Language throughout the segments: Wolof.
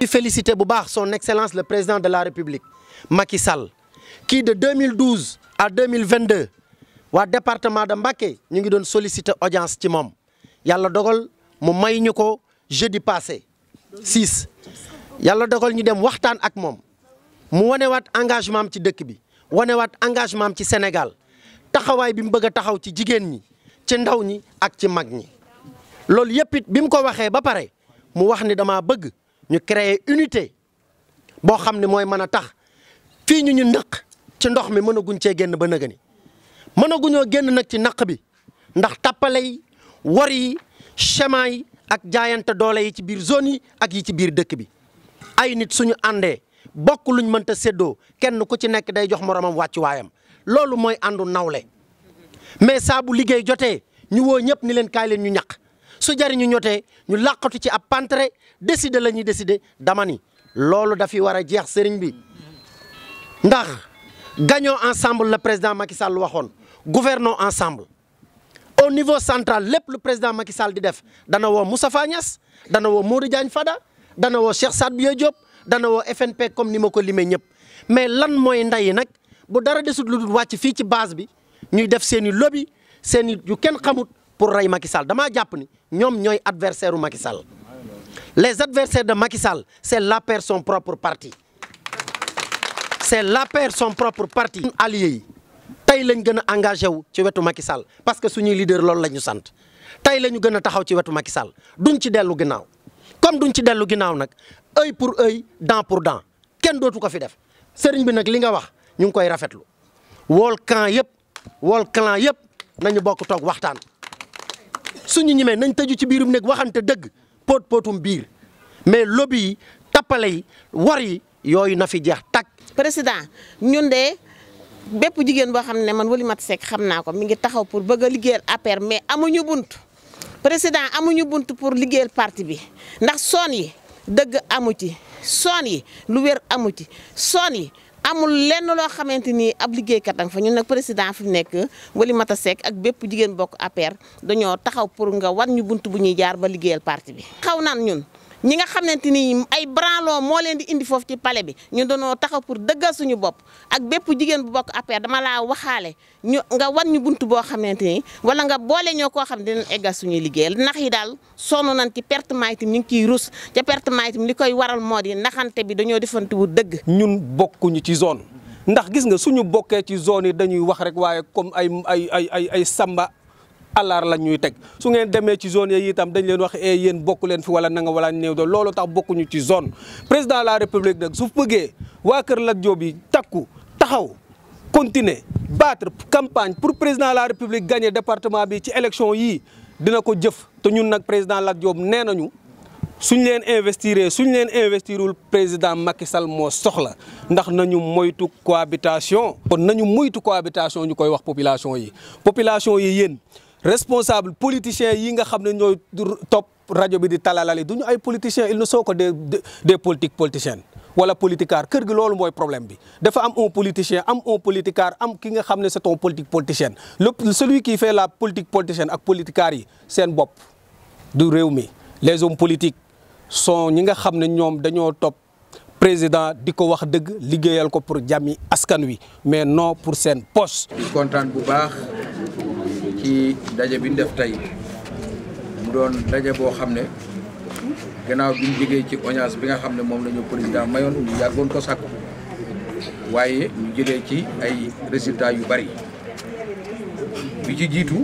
di féliciter bu baax son excellence le président de la république Macky Sall kii de 2012 à 2022 waa département de Mbacké ñu ngi doon solliciter audience ci moom yàlla dogal mu may ñu ko jeudi passé 6 yàlla dogal ñu dem waxtaan ak moom mu wane wanewaat engagement am ci dëkk bi wanewaat engagement am ci Sénégal taxawaay bi mu bëgg a taxaw ci jigéen ñi ci ndaw ñi ak ci mag ñi loolu yëpp it bi mu ko waxee ba pare mu wax ni dama bëgg. ñu créer unité boo xam ne mooy mën a tax fii ñu ñu nëq ci ndox mi mënaguñ cee génn ba nëga ni mënaguñoo génn nag ci naq bi ndax tappale yi war yi chemin yi ak jaayante doole yi ci biir zone yi ak yi ci biir dëkk bi ay nit suñu àndee bokk luñ mënta seddoo kenn ku ci nekk day jox moromam waayam loolu mooy àndu nawle mais saa bu liggéey jotee ñu woo ñëpp ni leen kaay leen ñu ñaq su jariñu ñotee ñu làqatu ci ab pantre décider la ñuy décider dama loolu dafi war a jeex sëriñ bi ndax gagnons ensemble la président Macky Sall waxoon gouvernons ensemble au niveau central lépp lu président Macky Sall di def dana woo Moustapha Niass dana woo Modou Diagne Fada dana woo Cheikh Sadibou Diop dana woo FNP comme ni ma ko limee ñëpp mais lan mooy nday nag bu dara desut lu dul wàcc fii ci base bi ñuy def seen i lobby seen i yu kenn xamut pour rey Macky Sall damaa jàpp ni ñoom ñooy adversaire u Sall les adversaires de Macky Sall c'est l'APR son propre parti c'est l'APR son propre parti alliés yi tey lañ gën a engagé wu ci wetu Macky Sall parce que suñuy leader loolu la ñu sant tey la ñu gën a taxaw ci wetu Macky Sall duñ ci dellu ginnaaw comme duñ ci dellu ginnaaw nag œil pour œil dent pour dent kenn dootu ko fi def sëriñ bi nag li nga wax ñu ngi koy rafetlu wool camp yëpp wool clan yëpp nañu bokk toog waxtaan suñu ñimee nañ tëju ci biirum néeg waxante dëgg poot pootum biir mais lobby yi tappale yi war yi yooyu na fi jeex takk président ñun de bépp jigéen boo xam ne man mat Seck xam naa ko mi ngi taxaw pour bëgg a liggéeyal APR mais amuñu bunt président amuñu bunt pour liggéeyal parti bi ndax soon yi dëgg amu ci soon yi lu wér amu ci soon yi. amul lenn loo xamante ni ab liggéeykat danga fa ñu nag président fi mu nekk Oulimata Seck ak bépp jigéen bokk APR dañoo taxaw pour nga war ñu bunt bu ñuy jaar ba liggéeyal parti bi xaw naan ñun. ñi nga xamante ni ay branlon moo leen di indi foofu ci palais bi ñu doonoo taxaw pour dëggal suñu bopp ak bépp jigéen bu bokk APR dama laa waxaale ñu nga wan ñu bunt boo xamante ni wala nga boole ñoo koo xam ne eggal suñuy liggéeyal nax yi daal sonn nañ ci pertement ñu ngi ciy ruus ca pertement itam li koy waral moo di naxante bi dañoo defante wu dëgg. ñun bokkuñu ci zone ndax gis nga suñu bokkee ci zone yi dañuy wax rek waaye comme ay ay ay ay ay Samba. àllar la ñuy teg su ngeen demee ci zone yi itam dañ leen wax e yéen bokk leen fi wala nanga wala néew do loolu tax bokkuñu ci zone président de la république nag su bëggee waa Kër Lat Diop yi takku taxaw continuer battre campagne pour président la république gagner département bi ci élection yii dina ko jëf te ñun nag président Lat Diop nee nañu suñ leen investiree suñ leen investirul président Macky Sall moo soxla ndax nañu moytu cohabitation kon nañu moytu cohabitation ñu koy wax population yi population yi yéen responsable politiciens yi nga xam ne ñooy topp rajo bi di talalali du ñu ay politiciens ils ne sont que des des politiques politiciennes wala politicar kër gi loolu mooy problème bi dafa am un politicien am un politicar am ki nga xam ne c'est un politique politicienne le celui qui fait la politique politicienne ak politicar yi seen bopp du réew mi les hommes politiques sont ñi nga xam ne ñoom dañoo topp président di ko wax dëgg liggéeyal ko pour jàmmi askan wi mais non pour seen poste. kontaan bu baax. ci daje bi ñu def tey mu doon daje boo xam ne gannaaw bi ñu jógee ci audience bi nga xam ne moom la ñu président mayoon ñu yàggoon ko sàkku waaye ñu jëlee ci ay résultats yu bari bi ci jiitu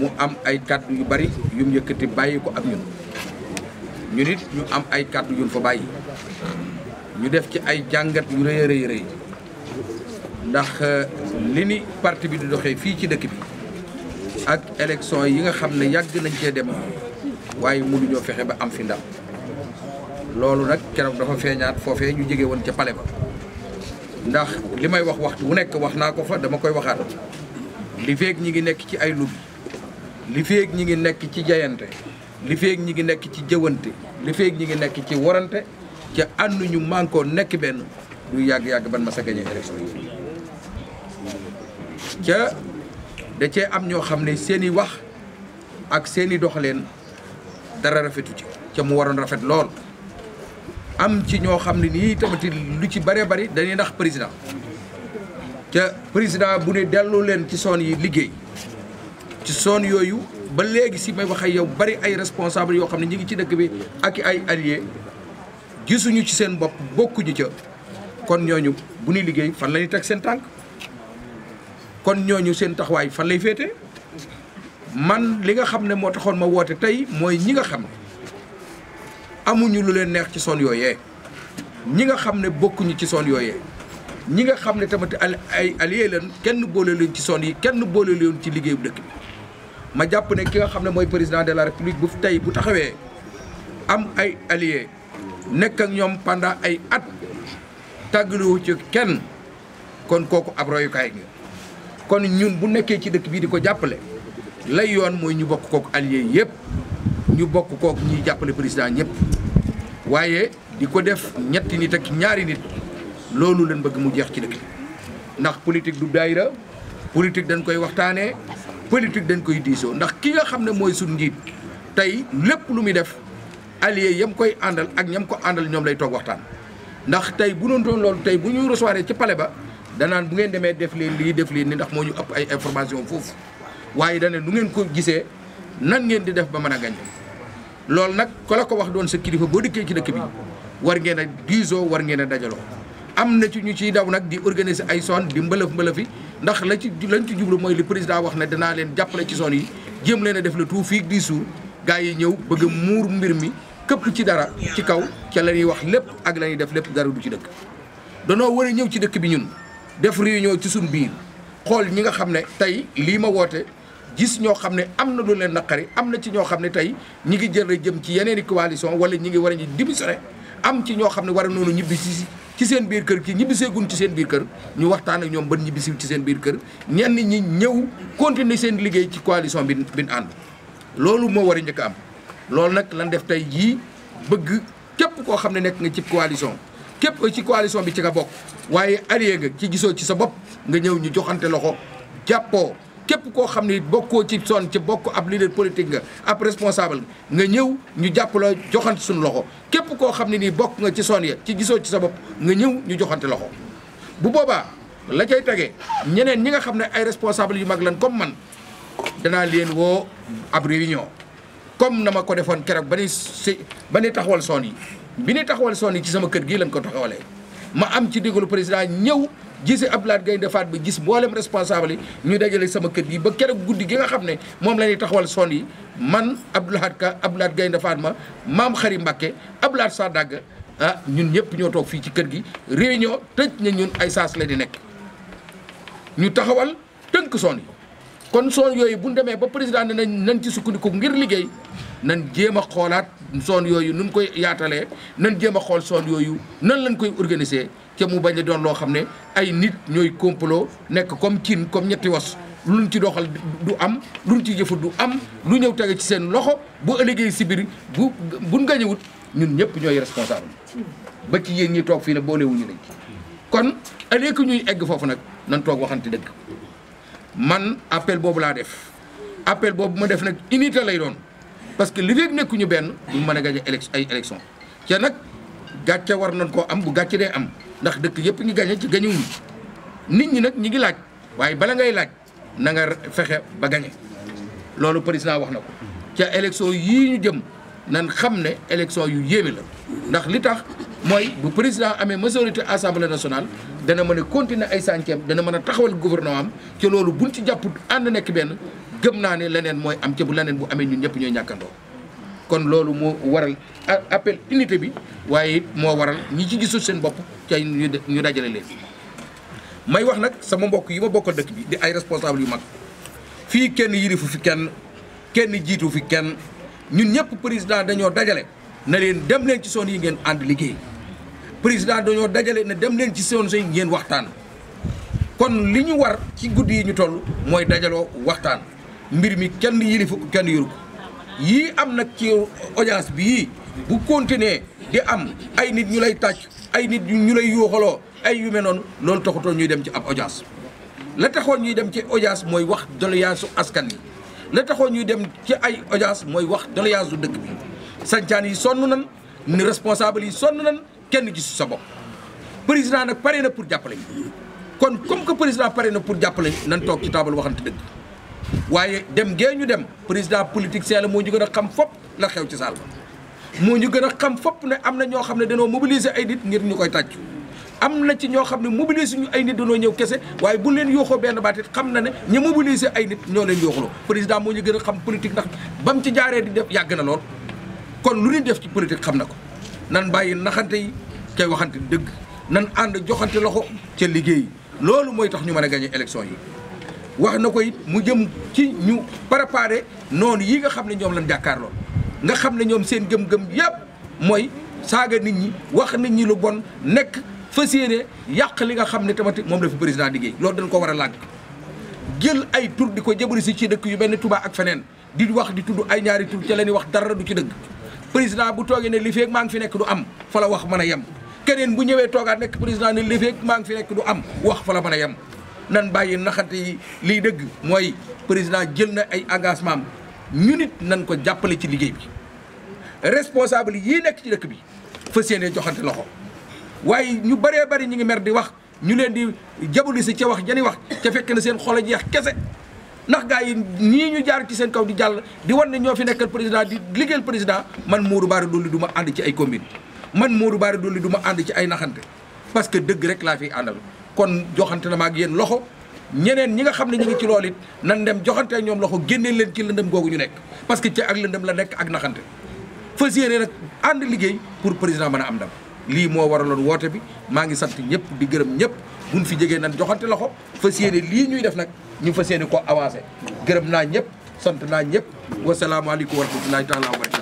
mu am ay kàddu yu bari yu mu yëkkati bàyyi ko ak ñun ñu nit ñu am ay kàddu yu ñu fa bàyyi ñu def ci ay jàngat yu rëy a rëy rëy ndax eh, li ni parti bi di doxee fii ci dëkk bi ak élection yi nga xam ne yàgg nañ cee dem waaye mënuñoo fexe ba am fi ndam loolu nag keroog dafa feeñaat foofee ñu jege woon ca pale ba ndax li may wax waxtu wu nekk wax naa ko fa dama koy waxaat li feeg ñi ngi nekk ci ay lub li feeg ñi ngi nekk ci jayante li feeg ñi ngi nekk ci jëwante li feeg ñi ngi nekk ci warante ca ànd ñu mànkoo nekk benn du yàgg-yàgg ban ma sa da cee am ñoo xam ne seen i wax ak seen i doxaleen dara rafetu ci ca mu waroon rafet lool am ci ñoo xam ne nii tamit lu ci bëree bëri dañuy ndax président ca président bu ne dellu leen ci zone yi liggéey ci zone yooyu ba léegi si may wax ak yow bari ay responsable yoo xam ne ñu ngi ci dëkk bi ak ay alliés gisuñu ci seen bopp bokkuñu ca kon ñooñu bu ñuy liggéey fan la ñuy teg seen tànk kon ñooñu seen taxawaay fan lay féete man li nga xam ne moo taxoon ma woote tey mooy ñi nga xam ne amuñu lu leen neex ci son yooyee ñi nga xam ne bokkuñu ci son yooyee ñi nga xam ne tamit ay allié leen kenn boole leen ci son yi kenn boole leen ci liggéeyu dëkk bi ma jàpp ne ki nga xam ne mooy président de la république bu tey bu taxawee am ay allié nekk ak ñoom pendant ay at tàggaliwu ci kenn kon kooku ab royukaay nga kon ñun bu nekkee ci dëkk bii di ko jàppale lay yoon mooy ñu bokk kook allié yëpp ñu bokk kook ñuy jàppale président ñëpp waaye di ko def ñetti nit ak ñaari nit loolu leen bëgg mu jeex ci dëkk bi ndax politique du daayira politique dañ koy waxtaanee politique dañ koy diisoo ndax ki nga xam ne mooy suñ njiit tey lépp lu muy def allié yam koy àndal ak ñam ko àndal ñoom lay toog waxtaan ndax tey bu doon doon loolu tey bu ñuy recevoir ci pale ba danaan bu ngeen demee def leen lii def leen ni ndax moo ñu ëpp ay information foofu waaye dane nu ngeen ko gisee nan ngeen di def ba mën a gañ loolu nag ko la ko wax doon sa kilifa boo dikkee ci dëkk bi war ngeen a diisoo war ngeen a dajaloo am na ci ñu ciy daw nag di organiser ay son di mbëlëf mbëlëfi ndax la ci lañ ci jublu mooy li président wax ne danaa leen jàppale ci son yi jéem leen a def le tout di suur gars yi ñëw bëgg a muur mbir mi këpp ci dara ci kaw ca la ñuy wax lépp ak la def lépp dara du ci dëkk danoo war ñëw ci dëkk bi ñun def réunion ci suñ biir xool ñi nga xam ne tey lii ma woote gis ñoo xam ne am na lu leen naqari am na ci ñoo xam ne tey ñi ngi jël jëm ci yeneen i coalition wala ñi ngi war a ñu démissionné am ci ñoo xam ne war a noonu ñibbi si ci seen biir kër kii ñibbiseegun ci seen biir kër ñu waxtaan ak ñoom ban ci seen biir kër ñenn ñi ñëw continuer seen liggéey ci coalition bi bi ñu ànd loolu moo war a njëkk am loolu nag lan def tey jii bëgg képp koo xam ne nekk nga ci coalition képp ci coalition bi ci nga bokk waaye allié nga ci gisoo ci sa bopp nga ñëw ñu joxante loxo jàppoo képp koo xam ne bokkoo ci son ci bokk ab leader politique nga ab responsable nga ñëw ñu jàppaloo joxante suñu loxo képp koo xam ne nii bokk nga ci son yi ci gisoo ci sa bopp nga ñëw ñu joxante loxo bu boobaa la cay tegee ñeneen ñi nga xam ne ay responsable yu mag lan comme man danaa leen woo ab réunion comme na ma ko defoon keroog ba ni si ba ni taxawal son yi bi ñu taxawal Sony ci sama kër gii lañ ko taxawalee ma am ci digalu président ñëw gisi Abdoulaye gaynde faat ba gis mboolem responsable yi ñu dajale sama kër gi ba keroog guddi gi nga xam ne moom la ñuy taxawal son yi man Abdoulaye Ka Abdoulaye gaynde defaat ma maam Xari Mbàkke saa Sadaga ah ñun ñëpp ñoo toog fii ci kër gi réunion tëj na ñun ay saas la di nekk ñu taxawal tënk son yi kon son yooyu bu ñu demee ba président ne nañ nañ ci sukkandiku ngir liggéey nan jéem a xoolaat zone yooyu nun koy yaatalee nan jéem a xool zone yooyu nan lañ koy organiser ca mu bañ a doon loo xam ne ay nit ñooy complot nekk comme cin comme ñetti was luñ ci doxal du am luñ ci jëfu am lu ñëw tege ci seen loxo bu ëllëgee si bu bu buñ gañewut ñun ñëpp ñooy responsable ba ci yéen ñi toog fii ne boolewuñu lañ ci kon ëllëg ñuy egg foofu nag nan toog waxante dëgg man appel boobu laa def appel boobu ma def nag unité lay doon parce que li fekk nekkuñu benn duñ mën a gañe élection ca nag gàcce war nañ koo am bu gàcc dee am ndax dëkk yëpp ngi gañe ci gañewuñ nit ñi nag ñi ngi laaj waaye bala ngay laaj nanga nga fexe ba gañe loolu président wax na ko ca élection yi ñu jëm nan xam ne élection yu yéeme la ndax li tax mooy bu président amee majorité assemblée nationale dana mën a ay sànceem dana mën a taxawal gouvernement am ca loolu buñ ci jàpput ànd nekk benn gëm naa ni leneen mooy am ca bu leneen bu amee ñu ñëpp ñooy ñàkkandoo kon loolu moo waral appel unité bi waaye moo waral ñi ci gisul seen bopp ca ñu dajale leen may wax nag sama mbokk yi ma bokkal dëkk bi di ay responsable yu mag fii kenn yirifu fi kenn kenn jiitu fi kenn ñun ñëpp président dañoo dajale na leen dem leen ci zone yi ngeen ànd liggéey président dañoo dajale na dem leen ci zone yi ngeen waxtaan kon li ñu war ci guddi yi ñu toll mooy dajaloo waxtaan mbir mi kenn yilifu kenn yuru yii am nag ci audience bi yii bu continuer di am ay nit ñu lay tàcc ay nit ñu lay yuuxaloo ay yu mel noonu loolu taxutoon ñuy dem ci ab audience la taxoon ñuy dem ci audience mooy wax doléance askan yi la taxoon ñuy dem ci ay audience mooy wax doléance su dëkk bi sancaan yi sonn nan ni responsable yi sonn nan kenn gisu sa bopp président nag pare na pour jàppale kon comme que président pare na pour jàppale nan toog ci taabal waxante dëgg waaye dem gee ñu dem président politique see la moo ñu gën a xam fop la xew ci saal ba moo ñu gën a xam fop ne am na ñoo xam ne dañoo mobiliser ay nit ngir ñu koy tàccu am na ci ñoo xam ne mobiliser ñu ay nit dañoo ñëw kese waaye bu leen yooxoo benn baat xam na ne ñu mobiliser ay nit ñoo leen yooxuloo président moo ñu gën a xam politique ndax ba mu ci jaaree di def yàgg na lool kon lu ñu def ci politique xam na ko nan bàyyi naxante yi cay waxante dëgg nan ànd joxante loxo ca liggéey loolu mooy tax ñu mën a gagné élection yi wax na ko it mu jëm ci ñu préparé noonu yi nga xam ne ñoom lañ jàkkaarloo nga xam ne ñoom seen gëm-gëm yëpp mooy saaga nit ñi wax nit ñi lu bon nekk fas yéene yàq li nga xam ne tamit moom la fi président liggéey loolu dañ ko war a làgg jël ay tur di ko jëbëri si ci dëkk yu mel tubaa ak feneen di wax di tudd ay ñaari tur ca la ñuy wax dara du ci dëgg président bu toogee ne li feeg maa ngi fi nekk du am fa la wax mën a yem bu ñëwee toogaat nekk président ne li maa ngi fi nekk du am wax fa la a yem nan bàyyi naxante yi liy dëgg mooy président jël na ay engagement ñu nit nan ko jàppale ci liggéey bi responsable yi nekk ci dëkk bi fas yéene joxante loxo waaye ñu bëree bëri ñu ngi mer di wax ñu leen di jabuli si ca wax jani wax ca fekk na seen xol a jeex kese ndax gaa yi nii ñu jaar ci seen kaw di jàll di wan na ñoo fi nekkal président di liggéeyal président man Modou Bara Dolly du ma ànd ci ay combine man Modou Bara Dolly du ma ànd ci ay naxante parce que dëgg rek laa fiy àndal kon joxante na ma ak yéen loxo ñeneen ñi nga xam ne ñu ngi ci lool nan dem joxante ñoom loxo génnee leen ci lëndëm googu ñu nekk parce que ci ak lëndëm la nekk ak naxante fas yéene nag ànd liggéey pour président mën a am dam lii moo waraloon woote bi maa ngi sant ñëpp di gërëm ñëpp mun fi jege nan joxante loxo fas yéene lii ñuy def nag ñu fas yéene ko avancé gërëm naa ñëpp sant naa ñëpp wasalaamualeykum wa rahmatullahi taala wa